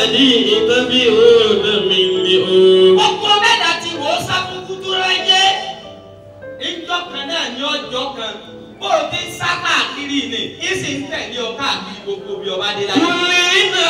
lẹ́dí ìtọ́bí òòlù mi ni o. Gbogbo mẹ́ta ti wò ó sákúkú tó ráyé. Ìjọ kan náà ní ọjọ́ kan. Bó o ti sá káàkiri ni, ìsìn tẹ̀lé ọ káàkiri gbogbo bí ọba dé láyé. Kùnlé náà.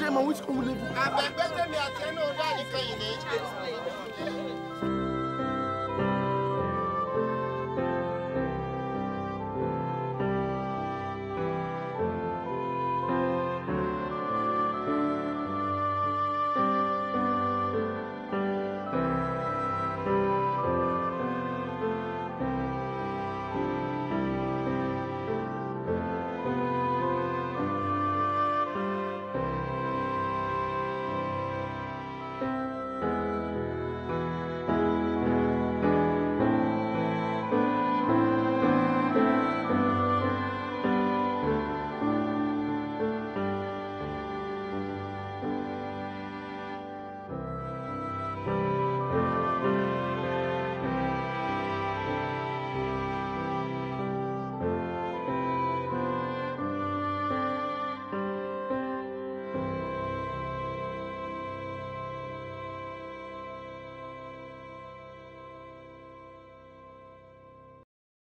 I'm wíṣkú lè bù. àbẹ̀gbẹ́ tẹ̀mí àti